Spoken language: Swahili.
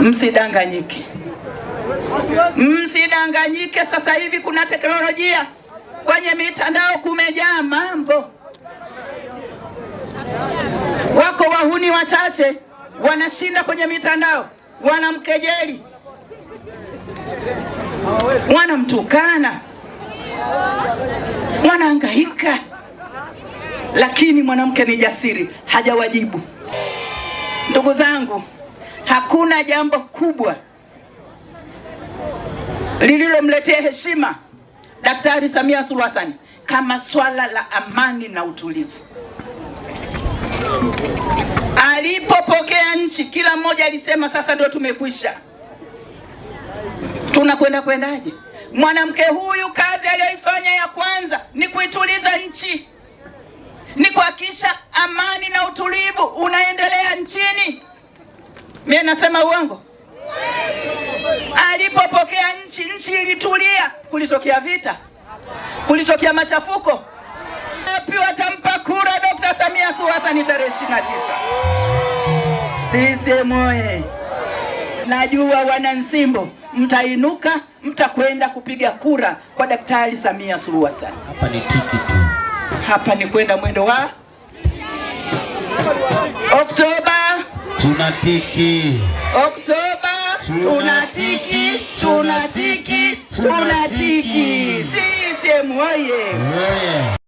Msidanganyike, msidanganyike. Sasa hivi kuna teknolojia, kwenye mitandao kumejaa mambo. Wako wahuni wachache wanashinda kwenye mitandao, wanamkejeli, wanamtukana, wanahangaika, lakini mwanamke ni jasiri, hajawajibu. Ndugu zangu Hakuna jambo kubwa lililomletea heshima Daktari Samia Suluhu Hassan kama swala la amani na utulivu. Alipopokea nchi, kila mmoja alisema sasa ndio tumekwisha, tunakwenda kwendaje? Mwanamke huyu kazi aliyoifanya ya kwanza ni kuituliza nchi, ni kuhakikisha amani na utulivu unaendelea nchini. Mimi nasema uongo? Alipopokea nchi, nchi ilitulia. Kulitokea vita, kulitokea machafuko. Wapi watampa kura Dr. Samia Suluhu Hassan tarehe 29? CCM oye! Najua wana Nsimbo mtainuka, mtakwenda kupiga kura kwa Daktari Samia Suluhu Hassan. Hapa ni tiki tu, hapa ni kwenda mwendo wa Tunatiki. Oktoba tunatiki, tunatiki, tunatiki. CCM oye!